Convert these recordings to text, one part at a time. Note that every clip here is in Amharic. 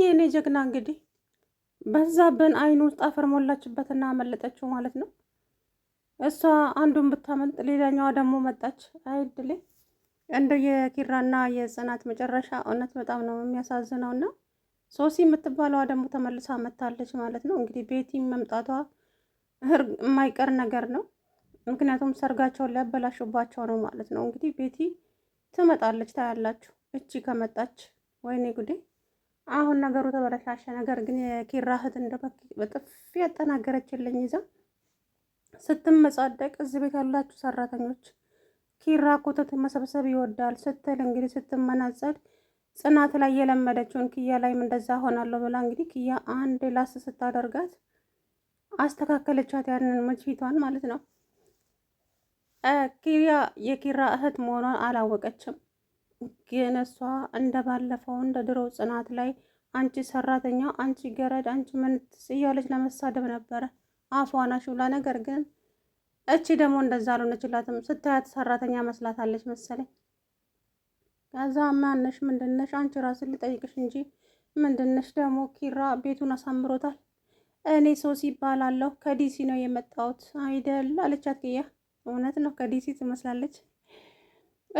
የእኔ ጀግና እንግዲህ በዛብን አይን ውስጥ አፈር ሞላችበትና አመለጠችው ማለት ነው። እሷ አንዱን ብታመልጥ ሌላኛዋ ደግሞ መጣች። አይድሌ እንደ የኪራና የጽናት መጨረሻ እውነት በጣም ነው የሚያሳዝነው። እና ሶሲ የምትባለዋ ደግሞ ተመልሳ መታለች ማለት ነው። እንግዲህ ቤቲ መምጣቷ የማይቀር ነገር ነው። ምክንያቱም ሰርጋቸውን ሊያበላሹባቸው ነው ማለት ነው። እንግዲህ ቤቲ ትመጣለች፣ ታያላችሁ። እቺ ከመጣች ወይኔ ጉዴ! አሁን ነገሩ ተበለሻሸ። ነገር ግን የኪራ እህት እንደ በጥፊ ያጠናገረችልኝ ይዛ ስትመጻደቅ እዚህ ቤት ያላችሁ ሰራተኞች ኪራ ኮተት መሰብሰብ ይወዳል ስትል እንግዲህ ስትመናጸድ ጽናት ላይ የለመደችውን ክያ ላይም እንደዛ ሆናለሁ ብላ እንግዲህ ክያ አንድ ላስ ስታደርጋት አስተካከለቻት፣ ያንን መችቷን ማለት ነው። ኪራ የኪራ እህት መሆኗን አላወቀችም። ግን እሷ እንደ ባለፈው እንደ ድሮ ጽናት ላይ አንቺ ሰራተኛ፣ አንቺ ገረድ፣ አንቺ ምንትስ እያለች ለመሳደብ ነበረ አፏና ብላ። ነገር ግን እቺ ደግሞ እንደዛ አልሆነችላትም። ስታያት ሰራተኛ መስላታለች መሰለኝ። ከዛ ማነሽ ምንድነሽ? አንቺ ራስን ልጠይቅሽ እንጂ ምንድነሽ? ደግሞ ኪራ ቤቱን አሳምሮታል። እኔ ሶሲ ይባላለሁ ከዲሲ ነው የመጣሁት አይደል አለቻት። እውነት ነው ከዲሲ ትመስላለች።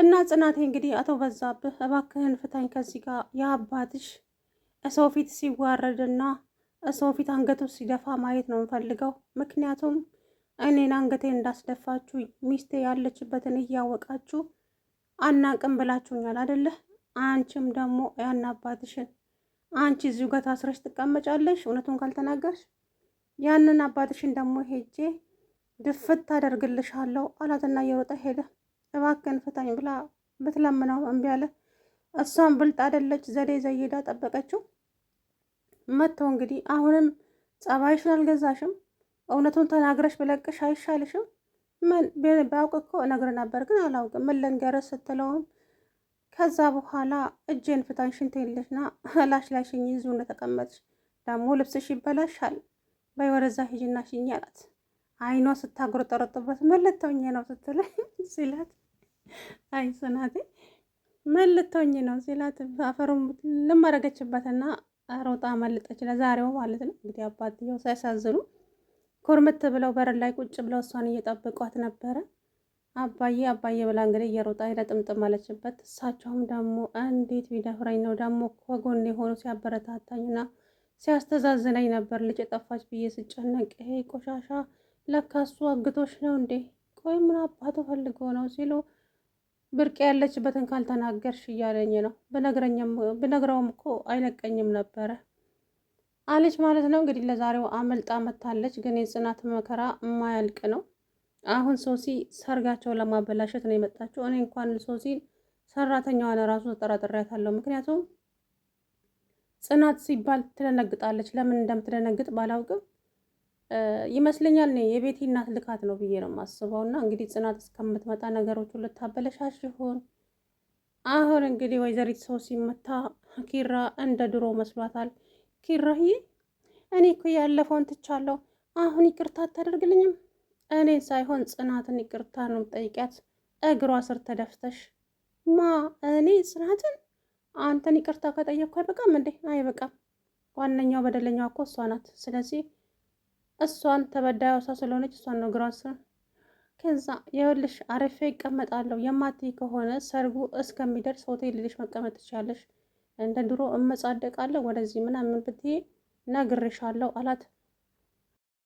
እና ጽናቴ እንግዲህ አቶ በዛብህ እባክህን ፍታኝ ከዚህ ጋር የአባትሽ እሰው ፊት ሲዋረድና እሰው ፊት አንገቱ ሲደፋ ማየት ነው የምፈልገው። ምክንያቱም እኔን አንገቴን እንዳስደፋችሁ ሚስቴ ያለችበትን እያወቃችሁ አናቅም ብላችሁኛል አደለ? አንቺም ደግሞ ያን አባትሽን አንቺ እዚሁ ጋር ታስረሽ ትቀመጫለሽ፣ እውነቱን ካልተናገርሽ ያንን አባትሽን ደግሞ ሄጄ ድፍት ታደርግልሻለሁ አላትና እየሮጠ ሄደ። እባክህን ፍታኝ ብላ ብትለምነው እምቢ አለ። እሷም ብልጥ አደለች ዘዴ ዘይዳ ጠበቀችው። መጥተው እንግዲህ አሁንም ጸባይሽን አልገዛሽም፣ እውነቱን ተናግረሽ ብለቅሽ አይሻልሽም? ምን ቢያውቅ እኮ እነግር ነበር፣ ግን አላውቅም። ምን ስትለውም ከዛ በኋላ እጄን ፍታኝ፣ ሽንት የለሽና ላሽ ላይ ሽኝ ይዙ እንደተቀመጥሽ ደግሞ ልብስሽ ይበላሻል፣ በይ ወደዛ ሂጂና ሽኝ አላት። አይኗ ስታጉረጠረጥበት መለተውኝ ነው ስትል ሲላት አይ ጽናቴ መለተውኝ ነው ሲላት አፈሩን ልማረገችበትና ሮጣ መልጠች። ለዛሬው ማለት ነው እንግዲህ አባትየው ሳያሳዝኑ ኮርምት ብለው በር ላይ ቁጭ ብለው እሷን እየጠብቋት ነበረ። አባዬ አባዬ ብላ እንግዲህ እየሮጣ ሄዳ ጥምጥም አለችበት። እሳቸውም ደግሞ እንዴት ቢደፍረኝ ነው ደግሞ ከጎን የሆኑ ሲያበረታታኝና ሲያስተዛዝነኝ ነበር ልጅ የጠፋች ብዬ ስጨነቅ ይሄ ቆሻሻ ለካሱ አግቶች ነው እንዴ? ቆይ ምን አባቱ ፈልጎ ነው ሲሉ ብርቅ ያለችበትን ካልተናገርሽ እያለኝ ነው። ብነግረውም እኮ አይለቀኝም ነበረ አለች ማለት ነው። እንግዲህ ለዛሬው አመልጣ መታለች። ግን የጽናት መከራ የማያልቅ ነው። አሁን ሶሲ ሰርጋቸው ለማበላሸት ነው የመጣችው። እኔ እንኳን ሶሲን ሰራተኛዋን ራሱ ተጠራጥሬያታለሁ። ምክንያቱም ጽናት ሲባል ትደነግጣለች። ለምን እንደምትደነግጥ ባላውቅም ይመስለኛል የቤቲ እናት ልካት ነው ብዬ ነው የማስበው። እና እንግዲህ ጽናት እስከምትመጣ ነገሮች ልታበለሻሽ ይሆን? አሁን እንግዲህ ወይዘሪት ሰው ሲመታ ኪራ እንደ ድሮ መስሏታል። ኪራዬ እኔ እኮ ያለፈውን ትቻለሁ፣ አሁን ይቅርታ አታደርግልኝም? እኔ ሳይሆን ጽናትን ይቅርታ ነው ጠይቂያት፣ እግሯ ስር ተደፍተሽ። ማ እኔ ጽናትን? አንተን ይቅርታ ከጠየቅኩ አይበቃም እንዴ? አይበቃም። ዋነኛው በደለኛው እኮ እሷ ናት። ስለዚህ እሷን ተበዳዩ እሷ ስለሆነች እሷን ነው ግሯን ስም ከዛ የወልሽ አረፌ ይቀመጣለሁ የማትይ ከሆነ ሰርጉ እስከሚደርስ ሆቴል ልልሽ መቀመጥ ትችላለሽ። እንደ ድሮ እመጻደቃለሁ ወደዚህ ምናምን ብትይ ነግርሻለሁ አላት።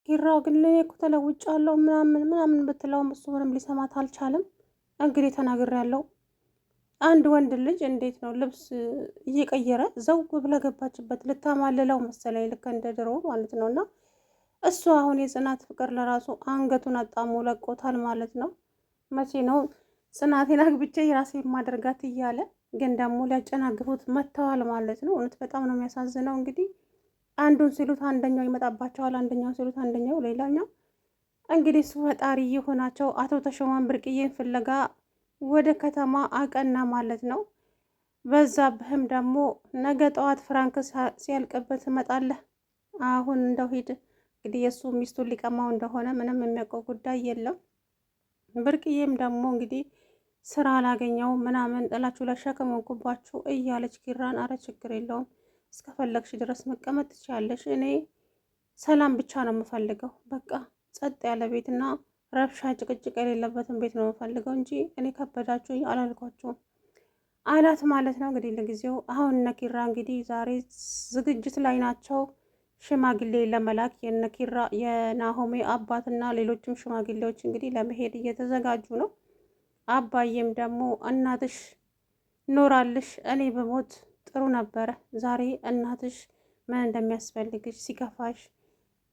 ኪራው ግን ለኔ እኮ ተለውጫለሁ ምናምን ምናምን ብትለውም እሱ ምንም ሊሰማት አልቻለም። እንግዲህ ተናግሬያለሁ። አንድ ወንድ ልጅ እንዴት ነው ልብስ እየቀየረ ዘው ብለገባችበት ገባችበት። ልታማልለው መሰለኝ ልክ እንደ ድሮ ማለት ነው እና እሱ አሁን የጽናት ፍቅር ለራሱ አንገቱን አጣሞ ለቆታል ማለት ነው። መቼ ነው ጽናቴን አግብቼ የራሴ የማደርጋት እያለ ግን ደግሞ ሊያጨናግፉት መጥተዋል ማለት ነው። እውነት በጣም ነው የሚያሳዝነው። እንግዲህ አንዱን ሲሉት አንደኛው ይመጣባቸዋል፣ አንደኛው ሲሉት አንደኛው ሌላኛው። እንግዲህ እሱ ፈጣሪ የሆናቸው አቶ ተሾማን ብርቅዬን ፍለጋ ወደ ከተማ አቀና ማለት ነው። በዛብህም ደግሞ ነገ ጠዋት ፍራንክ ሲያልቅበት ትመጣለህ፣ አሁን እንደው ሂድ እንግዲህ የእሱ ሚስቱን ሊቀማው እንደሆነ ምንም የሚያውቀው ጉዳይ የለም። ብርቅዬም ደግሞ እንግዲህ ስራ አላገኘው ምናምን ጥላችሁ ለሸክም ሆንኩባችሁ እያለች ኪራን፣ አረ ችግር የለውም እስከፈለግሽ ድረስ መቀመጥ ትችያለሽ፣ እኔ ሰላም ብቻ ነው የምፈልገው። በቃ ጸጥ ያለ ቤትና ረብሻ ጭቅጭቅ የሌለበትን ቤት ነው የምፈልገው እንጂ እኔ ከበዳችሁ አላልኳችሁም አላት ማለት ነው። እንግዲህ ለጊዜው አሁን እነ ኪራ እንግዲህ ዛሬ ዝግጅት ላይ ናቸው። ሽማግሌ ለመላክ የነኪራ የናሆሜ አባትና ሌሎችም ሽማግሌዎች እንግዲህ ለመሄድ እየተዘጋጁ ነው። አባዬም ደግሞ እናትሽ ኖራልሽ እኔ በሞት ጥሩ ነበረ። ዛሬ እናትሽ ምን እንደሚያስፈልግሽ ሲከፋሽ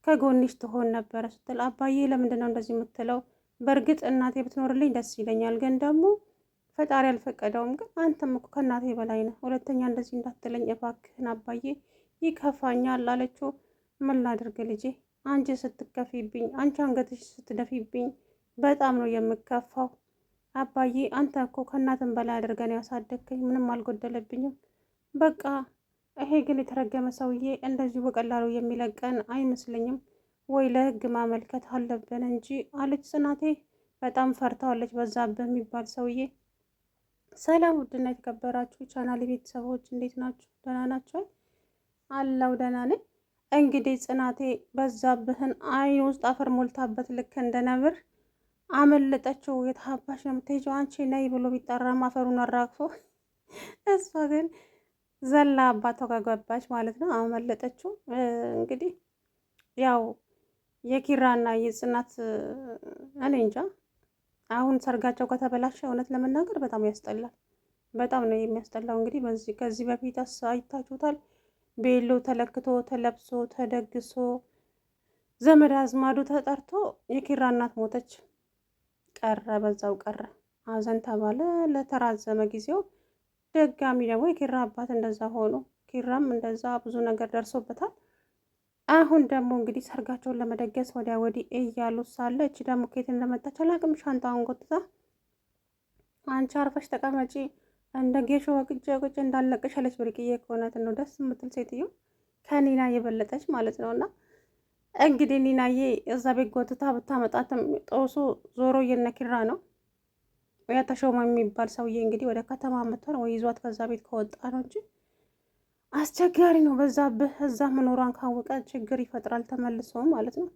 ከጎንሽ ትሆን ነበረ ስትል፣ አባዬ ለምንድን ነው እንደዚህ የምትለው? በእርግጥ እናቴ ብትኖርልኝ ደስ ይለኛል፣ ግን ደግሞ ፈጣሪ አልፈቀደውም። ግን አንተም እኮ ከእናቴ በላይ ነህ። ሁለተኛ እንደዚህ እንዳትለኝ እባክህን አባዬ ይከፋኛል አለችው። ምን ላድርግ ልጄ፣ አንቺ ስትከፊብኝ፣ አንቺ አንገትሽ ስትደፊብኝ በጣም ነው የምከፋው። አባዬ አንተ እኮ ከእናትን በላይ አድርገን ያሳደግከኝ፣ ምንም አልጎደለብኝም። በቃ ይሄ ግን የተረገመ ሰውዬ እንደዚሁ በቀላሉ የሚለቀን አይመስለኝም። ወይ ለህግ ማመልከት አለብን እንጂ አለች ጽናቴ። በጣም ፈርታዋለች በዛብህ የሚባል ሰውዬ። ሰላም ውድና የተከበራችሁ ቻናል ቤተሰቦች እንዴት ናችሁ? ደህና ናቸው አለው ደህና ነኝ። እንግዲህ ጽናቴ በዛብህን አይን ውስጥ አፈር ሞልታበት ልክ እንደ ነብር አመለጠችው። የተሀባሽ ነው የምትሄጂው አንቺ ነይ ብሎ ቢጠራም አፈሩን አራግፎ እሷ ግን ዘላ አባቷ ጋር ገባች ማለት ነው። አመለጠችው። እንግዲህ ያው የኪራና የጽናት እኔ እንጃ አሁን ሰርጋቸው ከተበላሸ እውነት ለመናገር በጣም ያስጠላል። በጣም ነው የሚያስጠላው። እንግዲህ ከዚህ በፊት አይታችሁታል። ቤሎ ተለክቶ ተለብሶ ተደግሶ ዘመድ አዝማዱ ተጠርቶ የኪራ እናት ሞተች። ቀረ በዛው ቀረ፣ አዘን ተባለ ለተራዘመ ጊዜው። ደጋሚ ደግሞ የኪራ አባት እንደዛ ሆኖ ኪራም እንደዛ ብዙ ነገር ደርሶበታል። አሁን ደግሞ እንግዲህ ሰርጋቸውን ለመደገስ ወዲያ ወዲህ እያሉ ሳለ እቺ ደግሞ ኬትን ለመጣች አላቅም ሻንጣውን ጎትታ አንቺ አርፈሽ ተቀመጪ እንደ ጌሾ ወቅጬ ወቅጬ እንዳለቀሽ ያለች ብርቅዬ ከሆነት ነው ደስ የምትል ሴትዮ ከኒና የበለጠች ማለት ነው። እና እንግዲህ ኒናዬ እዛ ቤት ጎትታ ብታመጣትም ጦሱ ዞሮ የነኪራ ነው። ያ ተሾመ የሚባል ሰውዬ እንግዲህ ወደ ከተማ መጥቷል ወይ ይዟት ከዛ ቤት ከወጣ ነው እንጂ አስቸጋሪ ነው። በዛብህ እዛ መኖሯን ካወቀ ችግር ይፈጥራል ተመልሶ ማለት ነው።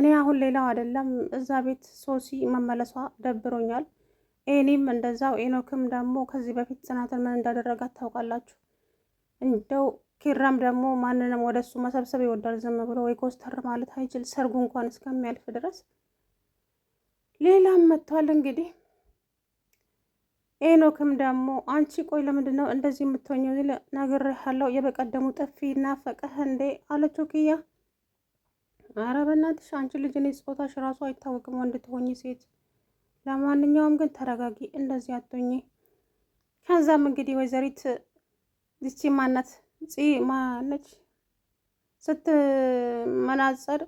እኔ አሁን ሌላው አይደለም እዛ ቤት ሶሲ መመለሷ ደብሮኛል። ኤሊም እንደዛው ኤኖክም ደግሞ ከዚህ በፊት ጽናትን ምን እንዳደረጋት ታውቃላችሁ። እንደው ኪራም ደግሞ ማንንም ወደ እሱ መሰብሰብ ይወዳል። ዝም ብሎ ወይ ኮስተር ማለት አይችል ሰርጉ እንኳን እስከሚያልፍ ድረስ። ሌላም መጥቷል እንግዲህ ኤኖክም ደግሞ አንቺ ቆይ ለምንድን ነው እንደዚህ የምትሆኘው? ይል ያለው የበቀደሙ ጥፊ ናፈቀህ እንዴ አለችው ኪያ። ኧረ አንቺ ልጅ እኔ ጾታሽ ራሱ አይታወቅም ወንድ ትሆኝ ሴት ለማንኛውም ግን ተረጋጊ፣ እንደዚህ አትሆኚ። ከዛም እንግዲህ ወይዘሪት ይቺ ማናት ጽ ማነች ስትመናጸር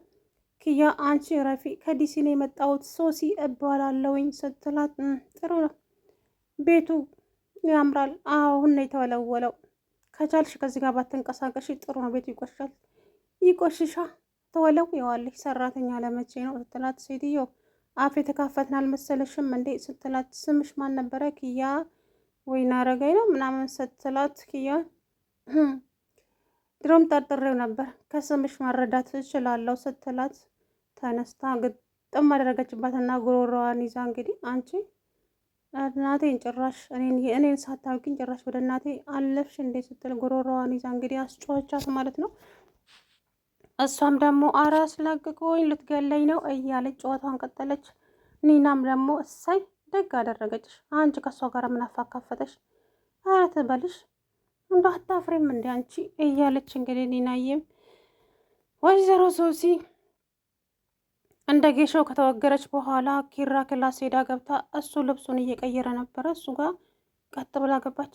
ክያ አንቺ ረፊ ከዲሲ ነው የመጣሁት ሶሲ እባላለሁኝ ስትላት፣ ጥሩ ነው ቤቱ ያምራል። አሁን ነው የተወለወለው። ከቻልሽ ከዚህ ጋር ባትንቀሳቀሽ ጥሩ ነው። ቤቱ ይቆሻል። ይቆሽሻ ተወለው የዋለች ሰራተኛ ለመቼ ነው ስትላት ሴትዮ አፍ የተካፈትን አልመሰለሽም እንዴ ስትላት፣ ስምሽ ማን ነበረ? ክያ ወይና አረጋይ ነው ምናምን ስትላት፣ ክያ ድሮም ጠርጥሬው ነበር ከስምሽ ማረዳት እችላለሁ ስትላት፣ ተነስታ ግጥም አደረገችባትና ጉሮሮዋን ይዛ እንግዲህ አንቺ እናቴን ጭራሽ እኔን ሳታውቂኝ ጭራሽ ወደ እናቴ አለፍሽ እንዴ ስትል ጉሮሮዋን ይዛ እንግዲህ አስጮኸቻት ማለት ነው። እሷም ደግሞ አረ አስለቅቁኝ ልትገለኝ ነው እያለች ጨዋታዋን ቀጠለች። ኒናም ደግሞ እሳይ ደግ አደረገችሽ፣ አንቺ ከእሷ ጋር ምን አፋ ካፈተሽ? አረ ትበልሽ እንደ አታፍሬም እንደ አንቺ እያለች እንግዲህ ኒናዬም ወይዘሮ ሶሲ እንደ ጌሾ ከተወገረች በኋላ ኪራ ክላስ ሄዳ ገብታ እሱ ልብሱን እየቀየረ ነበረ። እሱ ጋር ቀጥ ብላ ገባች።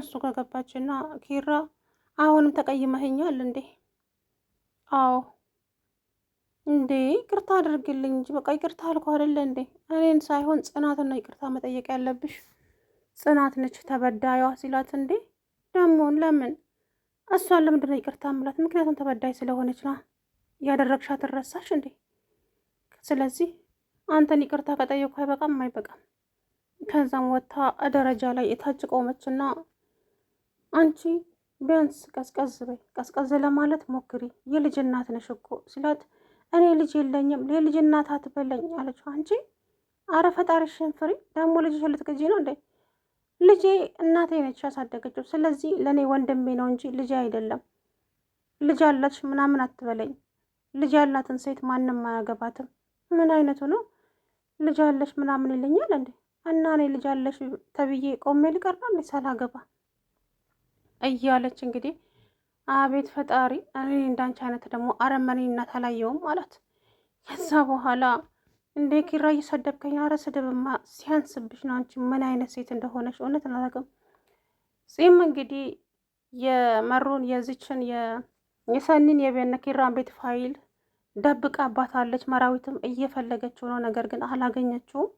እሱ ጋር ገባች ገባችና ኪራ አሁንም ተቀይመህኛል እንዴ አዎ እንዴ ይቅርታ አድርግልኝ እንጂ በቃ ይቅርታ አልኩ አይደለ እንዴ? እኔን ሳይሆን ጽናትን ነው ይቅርታ መጠየቅ ያለብሽ። ጽናት ነች ተበዳዩዋ ሲላት፣ እንዴ ደግሞ ለምን እሷን ለምንድን ነው ይቅርታ ምላት? ምክንያቱም ተበዳይ ስለሆነች ና ያደረግሻት ትረሳሽ እንዴ? ስለዚህ አንተን ይቅርታ ከጠየቅኩ አይበቃም አይበቃም። ከዛም ወጥታ ደረጃ ላይ የታች ቆመችና አንቺ ቢያንስ ቀዝቀዝ በይ፣ ቀዝቀዝ ለማለት ሞክሪ፣ የልጅ እናት ነሽ እኮ ሲላት፣ እኔ ልጅ የለኝም የልጅ እናት አትበለኝ አለችው። አንቺ አረ ፈጣሪሽን ፍሪ፣ ደግሞ ልጅሽን ልትገዢ ነው እንዴ? ልጄ እናቴ ነች ያሳደገችው፣ ስለዚህ ለእኔ ወንድሜ ነው እንጂ ልጅ አይደለም። ልጅ አላች ምናምን አትበለኝ። ልጅ ያላትን ሴት ማንም አያገባትም። ምን አይነቱ ነው? ልጅ አለሽ ምናምን ይለኛል እንዴ? እና እኔ ልጅ አለሽ ተብዬ ቆሜ ልቀር ነው እንዴ ሳላገባ? እያለች እንግዲህ አቤት ፈጣሪ፣ እኔ እንዳንቺ አይነት ደግሞ አረመኔነት አላየውም አላት። ከዛ በኋላ እንዴ ኪራ እየሰደብከኝ፣ አረ ስድብማ ሲያንስብሽ ነው አንቺ ምን አይነት ሴት እንደሆነች እውነት አላውቅም። ጺም እንግዲህ የመሩን የዚችን የሰኒን የቤነ ኪራን ቤት ፋይል ደብቃ አባታለች። መራዊትም እየፈለገችው ነው፣ ነገር ግን አላገኘችውም።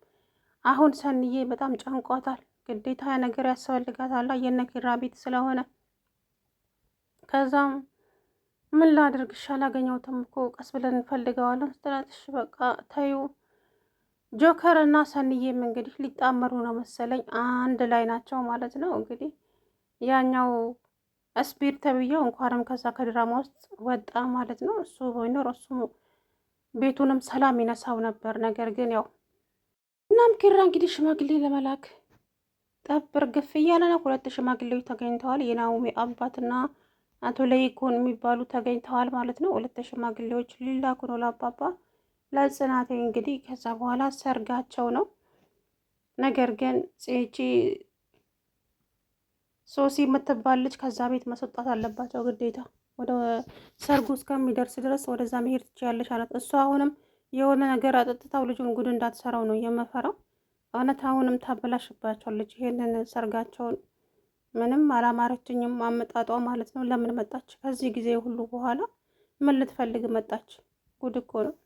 አሁን ሰንዬ በጣም ጨንቋታል። ግዴታ ነገር ያስፈልጋታል። የነኪራ ቤት ስለሆነ ከዛም ምን ላድርግ እሺ፣ አላገኘሁትም እኮ ቀስ ብለን እንፈልገዋለን ስትላት፣ እሺ በቃ ታዩ ጆከር እና ሰንዬም እንግዲህ ሊጣመሩ ነው መሰለኝ። አንድ ላይ ናቸው ማለት ነው እንግዲህ ያኛው እስቢር ተብዬው እንኳንም ከዛ ከድራማ ውስጥ ወጣ ማለት ነው። እሱ ወይኖር እሱ ቤቱንም ሰላም ይነሳው ነበር። ነገር ግን ያው እናም ኪራ እንግዲህ ሽማግሌ ለመላክ ጠብር ግፍ እያለ ነው። ሁለት ሽማግሌዎች ተገኝተዋል። የናኦሚ አባትና አቶ ለይኮን የሚባሉ ተገኝተዋል ማለት ነው። ሁለት ሽማግሌዎች ሊላኩ ነው ለአባባ ለጽናቴ እንግዲህ ከዛ በኋላ ሰርጋቸው ነው። ነገር ግን ጽቺ ሶሲ የምትባል ልጅ ከዛ ቤት መሰጣት አለባቸው ግዴታ። ወደ ሰርጉ እስከሚደርስ ድረስ ወደዛ መሄድ ትችያለሽ አላት። እሱ አሁንም የሆነ ነገር አጠጥታው ልጁን ጉድ እንዳትሰራው ነው የምፈራው። እውነት አሁንም ታበላሽባቸዋለች። ይሄንን ሰርጋቸውን ምንም አላማረችኝም፣ አመጣጧ ማለት ነው። ለምን መጣች? ከዚህ ጊዜ ሁሉ በኋላ ምን ልትፈልግ መጣች? ጉድ እኮ ነው።